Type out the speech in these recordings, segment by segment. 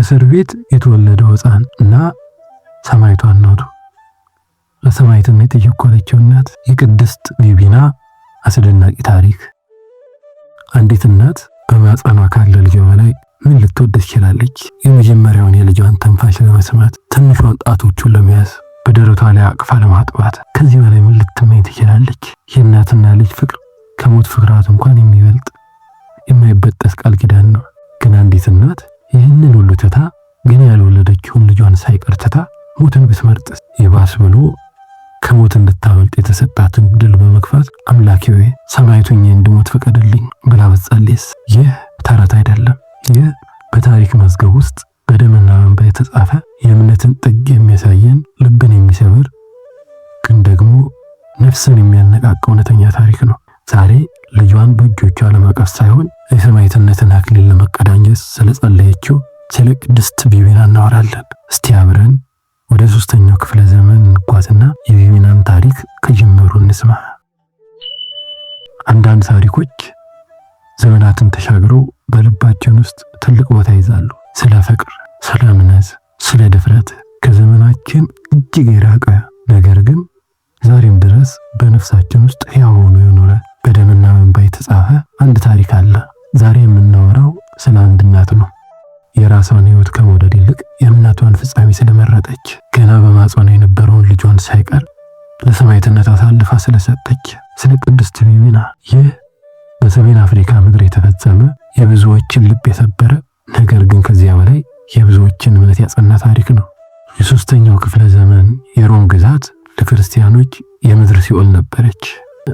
ከእስር ቤት የተወለደው ህፃን እና ሰማይቷ እናቱ ለሰማዕትነት የቸኮለችው እናት የቅድስት ቢቢና አስደናቂ ታሪክ። አንዲት እናት በማህፀኗ ካለ ልጇ በላይ ምን ልትወድ ትችላለች? የመጀመሪያውን የልጇን ትንፋሽ ለመስማት፣ ትንሿን ጣቶቹን ለመያዝ፣ በደረቷ ላይ አቅፋ ለማጥባት ከዚህ በላይ ምን ልትመኝ ትችላለች? የእናትና ልጅ ፍቅር ከሞት ፍቅራት እንኳን የሚበልጥ የማይበጠስ ቃል ኪዳን ነው። ግን አንዲት እናት ይህንን ሁሉ ትታ ገና ያልወለደችውን ልጇን ሳይቀር ትታ ሞትን ብትመርጥ ይባስ ብሎ ከሞት እንድታመልጥ የተሰጣትን ድል በመግፋት አምላኪ ወይ ሰማዕቱኝ እንድሞት ፍቀድልኝ ብላ በጸሌስ ይህ ተረት አይደለም። ይህ በታሪክ መዝገብ ውስጥ በደምና በእንባ የተጻፈ የእምነትን ጥግ የሚያሳየን ልብን የሚሰብር ግን ደግሞ ነፍስን የሚያነቃቅ እውነተኛ ታሪክ ነው። ዛሬ ልጇን በእጆቿ ለማቀፍ ሳይሆን የሰማዕትነትን አክሊል ለመቀዳኘት ስለጸለየችው ስለ ቅድስት ቢቢና እናወራለን። እስቲ አብረን ወደ ሶስተኛው ክፍለ ዘመን እንጓዝና የቢቢናን ታሪክ ከጅምሩ እንስማ። አንዳንድ ታሪኮች ዘመናትን ተሻግረው በልባችን ውስጥ ትልቅ ቦታ ይዛሉ። ስለ ፍቅር፣ ስለ እምነት፣ ስለ ድፍረት ከዘመናችን እጅግ የራቀ ነገር ግን ዛሬም ድረስ በነፍሳችን ውስጥ ሕያው ሆኖ የኖረ በደምና በእንባ የተጻፈ አንድ ታሪክ አለ። ዛሬ የምናወራው ስለ አንድ እናት ነው። የራሷን ህይወት ከመውደድ ይልቅ የእምነቷን ፍጻሜ ስለመረጠች፣ ገና በማጾና የነበረውን ልጇን ሳይቀር ለሰማዕትነት አሳልፋ ስለሰጠች ስለ ቅድስት ቢቢና። ይህ በሰሜን አፍሪካ ምድር የተፈጸመ የብዙዎችን ልብ የሰበረ ነገር ግን ከዚያ በላይ የብዙዎችን እምነት ያጸና ታሪክ ነው። የሶስተኛው ክፍለ ዘመን የሮም ግዛት ለክርስቲያኖች የምድር ሲኦል ነበረች።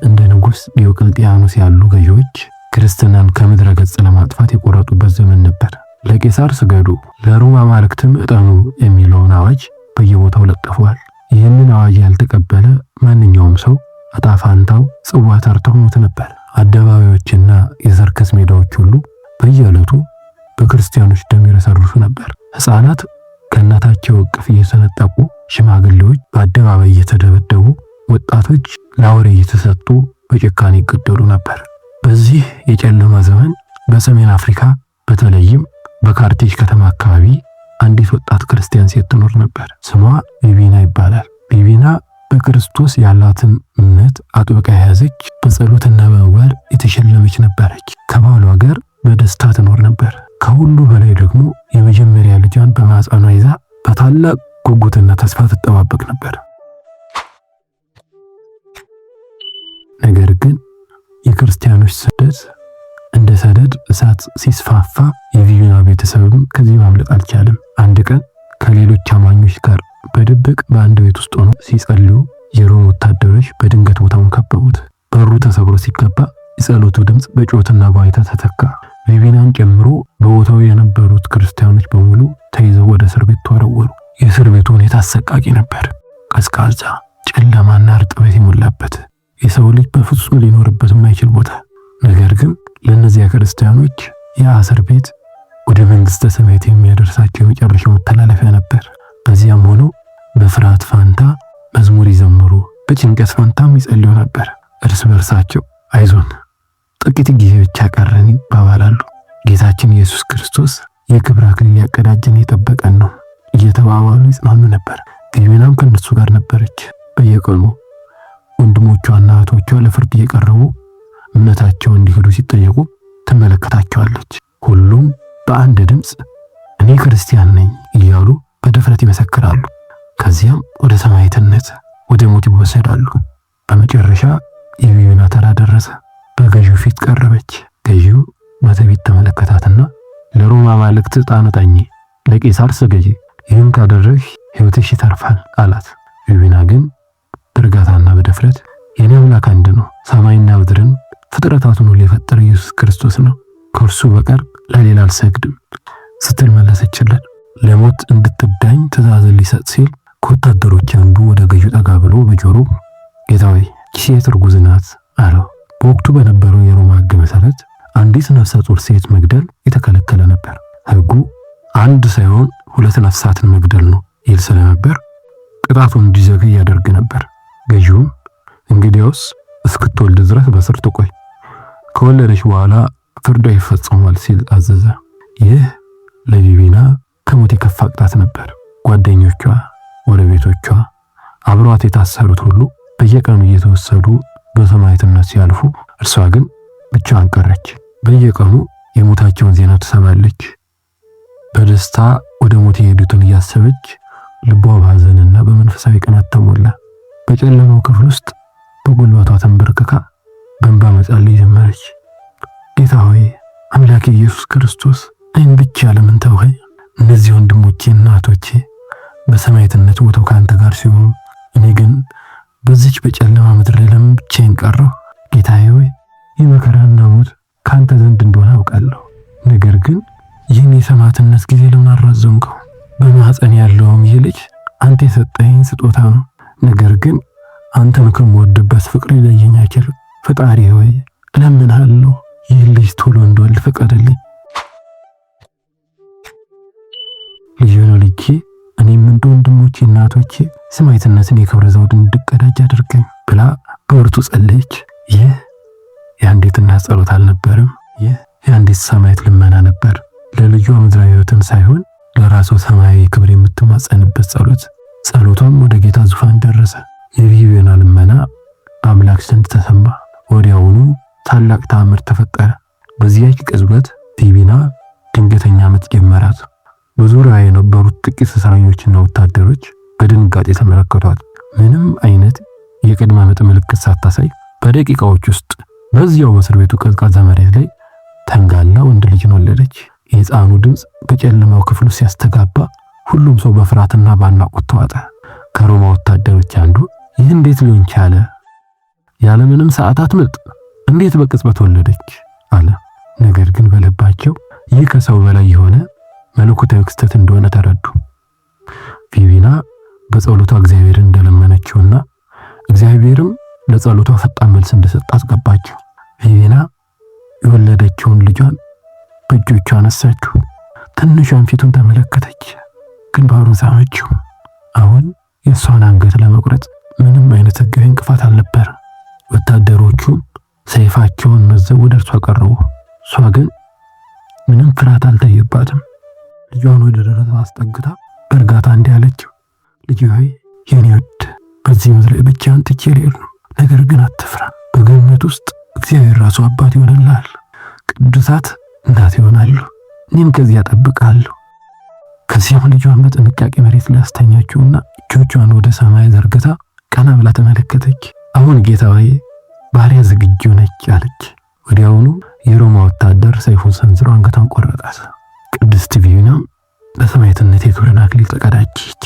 እንደ ንጉሥ ዲዮቅልጥያኖስ ያሉ ገዢዎች ክርስትናን ከምድረ ገጽ ለማጥፋት የቆረጡበት ዘመን ነበር። ለቄሳር ስገዱ፣ ለሮም አማልክትም እጠኑ የሚለውን አዋጅ በየቦታው ለጥፈዋል። ይህንን አዋጅ ያልተቀበለ ማንኛውም ሰው አጣፋንታው ጽዋ ተርቶ ሞት ነበር። አደባባዮችና የሰርከስ ሜዳዎች ሁሉ በየዕለቱ በክርስቲያኖች ደም ይረሰርሱ ነበር። ሕፃናት ከእናታቸው እቅፍ እየሰነጠቁ፣ ሽማግሌዎች በአደባባይ እየተደበደቡ፣ ወጣቶች ለአውሬ እየተሰጡ በጭካኔ ይገደሉ ነበር። በዚህ የጨለማ ዘመን በሰሜን አፍሪካ በተለይም በካርቴጅ ከተማ አካባቢ አንዲት ወጣት ክርስቲያን ሴት ትኖር ነበር። ስሟ ቢቢና ይባላል። ቢቢና በክርስቶስ ያላትን እምነት አጥብቃ የያዘች፣ በጸሎትና በመግባር የተሸለመች ነበረች። ከባሏ ጋር በደስታ ትኖር ነበር። ከሁሉ በላይ ደግሞ የመጀመሪያ ልጇን በማህፀኗ ይዛ በታላቅ ጉጉትና ተስፋ ትጠባበቅ ነበር። ሰደድ እሳት ሲስፋፋ የቪዩና ቤተሰብም ከዚህ ማምለጥ አልቻለም። አንድ ቀን ከሌሎች አማኞች ጋር በድብቅ በአንድ ቤት ውስጥ ሆኖ ሲጸልዩ የሮም ወታደሮች በድንገት ቦታውን ከበቡት። በሩ ተሰብሮ ሲገባ የጸሎቱ ድምፅ በጩኸትና በዋይታ ተተካ። ቪቪናን ጨምሮ በቦታው የነበሩት ክርስቲያኖች በሙሉ ተይዘው ወደ እስር ቤት ተወረወሩ። የእስር ቤቱ ሁኔታ አሰቃቂ ነበር። ቀዝቃዛ፣ ጨለማና እርጥበት የሞላበት የሰው ልጅ በፍጹም ሊኖርበት የማይችል ቦታ ነገር ግን ለእነዚያ ክርስቲያኖች የአሰር ቤት ወደ መንግሥተ ሰማያት የሚያደርሳቸው የመጨረሻው መተላለፊያ ነበር። በዚያም ሆኖ በፍርሃት ፋንታ መዝሙር ይዘምሩ፣ በጭንቀት ፋንታም ይጸልዩ ነበር። እርስ በርሳቸው አይዞን ጥቂት ጊዜ ብቻ ቀረን ይባባላሉ። ጌታችን ኢየሱስ ክርስቶስ የክብር አክሊል ያቀዳጀን የጠበቀን ነው እየተባባሉ ይጽናኑ ነበር። ፊቢናም ከእነሱ ጋር ነበረች። በየቀኑ ወንድሞቿና እህቶቿ ለፍርድ እየቀረቡ እምነታቸው እንዲሄዱ ሲጠየቁ ትመለከታቸዋለች። ሁሉም በአንድ ድምፅ እኔ ክርስቲያን ነኝ እያሉ በድፍረት ይመሰክራሉ። ከዚያም ወደ ሰማዕትነት፣ ወደ ሞት ይወሰዳሉ። በመጨረሻ የቢዩና ተራ ደረሰ። በገዢው ፊት ቀረበች። ገዢው በትዕቢት ተመለከታትና ለሮማ አማልክት ዕጣን ጣኚ፣ ለቄሳር ስገጂ፣ ይህን ካደረግሽ ሕይወትሽ ይተርፋል አላት። ቢዩና ግን በእርጋታና በድፍረት የኔ አምላክ አንድ ነው ሰማይና ምድርን ፍጥረታቱን ሁሉ የፈጠረ ኢየሱስ ክርስቶስ ነው፣ ከእርሱ በቀር ለሌላ አልሰግድም ስትል መለሰችለት። ለሞት እንድትዳኝ ትእዛዝን ሊሰጥ ሲል ከወታደሮች አንዱ ወደ ገዢው ጠጋ ብሎ በጆሮ ጌታ ሆይ ሴት እርጉዝ ናት አለው። በወቅቱ በነበረው የሮማ ሕግ መሰረት አንዲት ነፍሰ ጡር ሴት መግደል የተከለከለ ነበር። ሕጉ አንድ ሳይሆን ሁለት ነፍሳትን መግደል ነው ይል ስለነበር ቅጣቱን እንዲዘገይ ያደርግ ነበር። ገዢውም እንግዲያውስ እስክትወልድ ድረስ በስር ትቆይ ከወለደች በኋላ ፍርዷ ይፈጸማል ሲል አዘዘ። ይህ ለቪቢና ከሞት የከፋ ቅጣት ነበር። ጓደኞቿ፣ ጎረቤቶቿ፣ አብሯት የታሰሩት ሁሉ በየቀኑ እየተወሰዱ በሰማዕትነት ሲያልፉ፣ እርሷ ግን ብቻዋን ቀረች። በየቀኑ የሞታቸውን ዜና ትሰማለች። በደስታ ወደ ሞት የሄዱትን እያሰበች ልቧ በሐዘንና በመንፈሳዊ ቅናት ተሞላ። በጨለማው ክፍል ውስጥ በጉልበቷ ተንበርክካ እንባ መጸለይ ጀመረች። ጌታ ሆይ አምላክ ኢየሱስ ክርስቶስ አይን ብቻ ለምን ተውኸኝ? እነዚህ ወንድሞቼ እና እህቶቼ በሰማዕትነት ቦታው ካንተ ጋር ሲሆኑ፣ እኔ ግን በዚች በጨለማ ምድር ላይ ለምን ብቻዬን ቀረሁ? ጌታዬ ሆይ ይህ መከራና ሞት ካንተ ዘንድ እንደሆነ አውቃለሁ። ነገር ግን ይህን የሰማዕትነት ጊዜ ለምን አራዘምከው? በማኅፀን ያለውም ይህ ልጅ አንተ የሰጠኸኝ ስጦታ ነው። ነገር ግን አንተን ከምወድበት ፍቅር ይለየኝ አይችልም። ፈጣሪ ሆይ እለምንሃለሁ፣ ይህ ልጅ ቶሎ እንደወልድ ፈቀደልኝ። ልጅን ወልጄ እኔም እንደ ወንድሞቼ እናቶቼ ሰማዕትነትን የክብረ ዘውድ እንድቀዳጅ አድርገኝ ብላ በወርቱ ጸለየች። ይህ የአንዲት እናት ጸሎት አልነበርም። ይህ የአንዲት ሰማዕት ልመና ነበር። ለልጇ ምድራዊ ሕይወትን ሳይሆን ለራሷ ሰማያዊ ክብር የምትማጸንበት ጸሎት። ጸሎቷም ወደ ጌታ ዙፋን ደረሰ። የቪዮና ልመና አምላክ ዘንድ ተሰማ። ወዲያውኑ ታላቅ ተአምር ተፈጠረ። በዚያች ቅጽበት ቲቢና ድንገተኛ ምት ጀመራት። በዙሪያ የነበሩት ጥቂት እስረኞችና ወታደሮች በድንጋጤ ተመለከቷት። ምንም አይነት የቅድመ ምጥ ምልክት ሳታሳይ በደቂቃዎች ውስጥ በዚያው በእስር ቤቱ ቀዝቃዛ መሬት ላይ ተንጋላ ወንድ ልጅን ወለደች። የሕፃኑ ድምፅ በጨለማው ክፍሉ ሲያስተጋባ ሁሉም ሰው በፍርሃትና ባናቆት ተዋጠ። ከሮማ ወታደሮች አንዱ ይህ እንዴት ሊሆን ቻለ ያለምንም ሰዓታት ምጥ እንዴት በቅጽበት ወለደች አለ። ነገር ግን በልባቸው ይህ ከሰው በላይ የሆነ መለኮታዊ ክስተት እንደሆነ ተረዱ። ቪቪና በጸሎቷ እግዚአብሔርን እንደለመነችውና እግዚአብሔርም ለጸሎቷ ፈጣን መልስ እንደሰጣ አስገባቸው። ቪቪና የወለደችውን ልጇን በእጆቿ አነሳችው። ትንሿን ፊቱን ተመለከተች፣ ግንባሩን ሳመችው። አሁን የእሷን አንገት ለመቁረጥ ምንም አይነት ህጋዊ እንቅፋት አልነበረ። ወታደሮቹ ሰይፋቸውን መዘው ወደ እርሷ ቀረቡ። እሷ ግን ምንም ፍርሃት አልታየባትም። ልጇን ወደ ደረት አስጠግታ በእርጋታ እንዲህ አለችው፣ ልጅ ሆይ የኔ ውድ በዚህ ምድር ላይ ብቻህን ትቼ ልሄድ ነው። ነገር ግን አትፍራ፣ በገነት ውስጥ እግዚአብሔር ራሱ አባት ይሆንልሃል፣ ቅዱሳት እናት ይሆናሉ፣ እኔም ከዚህ እጠብቅሃለሁ። ከዚያም ልጇን በጥንቃቄ መሬት ላይ አስተኛችውና እጆቿን ወደ ሰማይ ዘርግታ ቀና ብላ ተመለከተች። አሁን ጌታ ሆይ ባሪያ ዝግጁ ነች አለች። ወዲያውኑ የሮማ ወታደር ሰይፉን ሰንዝሮ አንገቷን ቆረጣት። ቅድስት ቪዩና በሰማዕትነት የክብርን አክሊል ተቀዳጀች።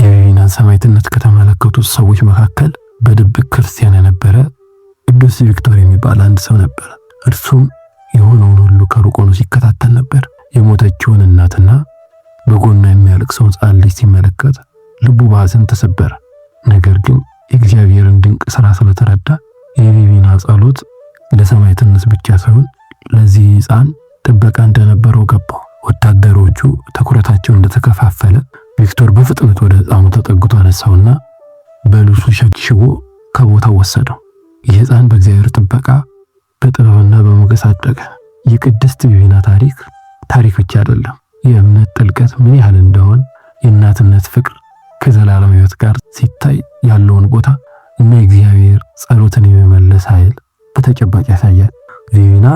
የቪዩናን ሰማዕትነት ከተመለከቱት ሰዎች መካከል በድብቅ ክርስቲያን የነበረ ቅዱስ ቪክቶር የሚባል አንድ ሰው ነበር። እርሱም የሆነውን ሁሉ ከሩቅ ሆኖ ሲከታተል ነበር። የሞተችውን እናትና በጎኗ የሚያለቅሰውን ሕፃን ልጅ ሲመለከት ልቡ በሐዘን ተሰበረ። ነገር ግን የእግዚአብሔርን ድንቅ ስራ ስለተረዳ የቢቢና ጸሎት ለሰማዕትነት ብቻ ሳይሆን ለዚህ ሕፃን ጥበቃ እንደነበረው ገባው። ወታደሮቹ ትኩረታቸው እንደተከፋፈለ ቪክቶር በፍጥነት ወደ ሕፃኑ ተጠግቶ አነሳውና በልብሱ ሸክሽቦ ከቦታው ወሰደው። ይህ ሕፃን በእግዚአብሔር ጥበቃ በጥበብና በሞገስ አደገ። የቅድስት ቢቢና ታሪክ ታሪክ ብቻ አይደለም፣ የእምነት ጥልቀት ምን ያህል እንደሆን የእናትነት ፍቅር ከዘላለም ሕይወት ጋር ሲታይ ያለውን ቦታ እና እግዚአብሔር ጸሎትን የመመለስ ኃይል በተጨባጭ ያሳያል። ቪቪና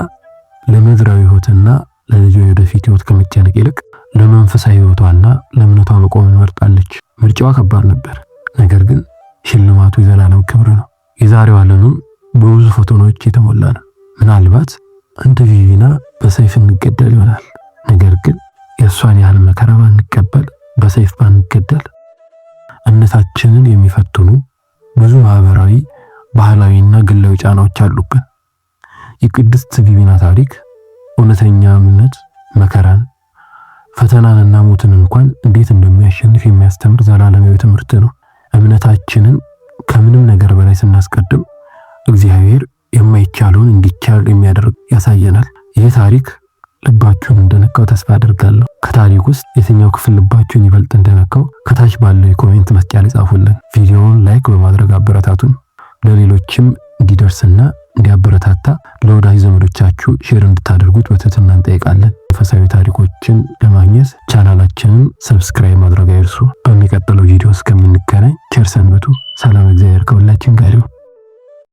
ለምድራዊ ህይወትና ለልጇ የወደፊት ህይወት ከመጨነቅ ይልቅ ለመንፈሳዊ ህይወቷና ለእምነቷ መቆም መርጣለች። ምርጫዋ ከባድ ነበር፣ ነገር ግን ሽልማቱ የዘላለም ክብር ነው። የዛሬው ዓለምም በብዙ ፈተናዎች የተሞላ ነው። ምናልባት እንደ ቪቪና በሰይፍ እንገደል ይሆናል፣ ነገር ግን የእሷን ያህል መከራ ባንቀበል፣ በሰይፍ ባንገደል እምነታችንን የሚፈትኑ ብዙ ማህበራዊ፣ ባህላዊና ግላዊ ጫናዎች አሉብን። የቅድስት ቢቢና ታሪክ እውነተኛ እምነት መከራን፣ ፈተናንና ሞትን እንኳን እንዴት እንደሚያሸንፍ የሚያስተምር ዘላለማዊ ትምህርት ነው። እምነታችንን ከምንም ነገር በላይ ስናስቀድም እግዚአብሔር የማይቻለውን እንዲቻል የሚያደርግ ያሳየናል። ይህ ታሪክ ልባችሁን እንደነካው ተስፋ አደርጋለሁ። ከታሪክ ውስጥ የትኛው ክፍል ልባችሁን ይበልጥ እንደነካው ከታች ባለው የኮሜንት መስጫ ላይ ጻፉልን። ቪዲዮውን ላይክ በማድረግ አበረታቱን። ለሌሎችም እንዲደርስና እንዲያበረታታ ለወዳጅ ዘመዶቻችሁ ሼር እንድታደርጉት በትህትና እንጠይቃለን። መንፈሳዊ ታሪኮችን ለማግኘት ቻናላችንን ሰብስክራይብ ማድረግ አይርሱ። በሚቀጥለው ቪዲዮ እስከምንገናኝ ቸር ሰንብቱ። ሰላም፣ እግዚአብሔር ከሁላችን ጋር ይሁን።